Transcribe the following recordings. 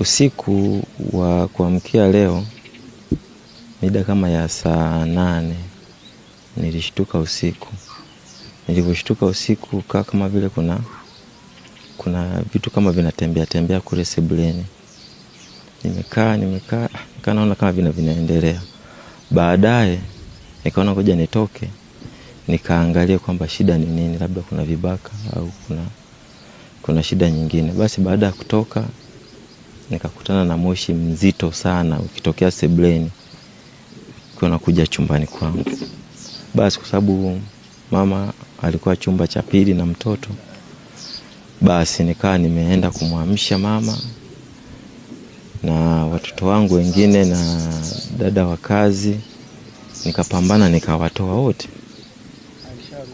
Usiku wa kuamkia leo mida kama ya saa nane nilishtuka usiku. Nilivyoshtuka usiku kaa kama vile kuna kuna vitu kama vinatembea tembea kule sebuleni. Nimekaa nimekaa nikaa naona kama vina vinaendelea. Baadaye nikaona ngoja nitoke nikaangalia kwamba shida ni nini, labda kuna vibaka au kuna kuna shida nyingine. Basi baada ya kutoka nikakutana na moshi mzito sana ukitokea sebleni ukiwa nakuja chumbani kwangu. Basi kwa sababu mama alikuwa chumba cha pili na mtoto, basi nikawa nimeenda kumwamsha mama na watoto wangu wengine na dada wa kazi, nikapambana nikawatoa wote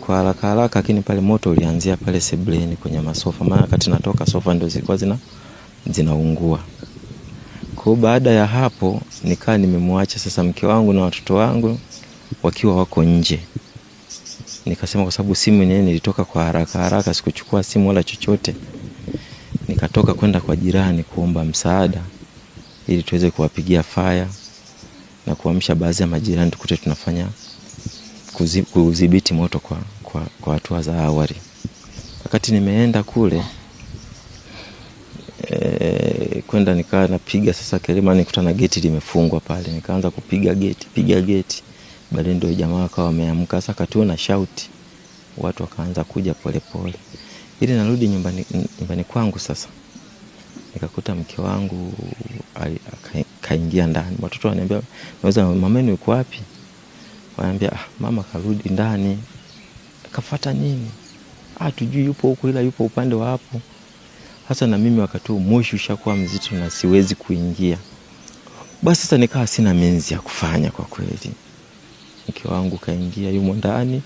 kwa haraka haraka, lakini pale moto ulianzia pale sebleni kwenye masofa, maana wakati natoka sofa ndio zilikuwa zina zinaungua. Kwa baada ya hapo nikaa nimemwacha sasa mke wangu na watoto wangu wakiwa wako nje. Nikasema kwa sababu simu yenyewe nilitoka kwa haraka haraka, sikuchukua simu wala chochote, nikatoka kwenda kwa jirani kuomba msaada ili tuweze kuwapigia faya na kuamsha baadhi ya majirani tukute tunafanya kudhibiti moto kwa, kwa, kwa hatua za awali. Wakati nimeenda kule nilikwenda nikaa napiga sasa kelema, nikutana geti limefungwa pale, nikaanza kupiga geti, piga geti. Baadaye ndio jamaa akawa ameamka sasa, na shauti, watu wakaanza kuja polepole. Ili narudi nyumbani, nyumbani kwangu sasa nikakuta mke wangu kaingia ndani, watoto wananiambia, naweza mama yuko wapi? Wanaambia ah, mama karudi ndani. Kafata nini? Ah, tujui yupo huko, ila yupo upande wa hapo. Hasa na mimi wakati huo moshi ushakuwa mzito na siwezi kuingia. Basi sasa nikawa sina menzi ya kufanya kwa kweli. Mke wangu kaingia yumo ndani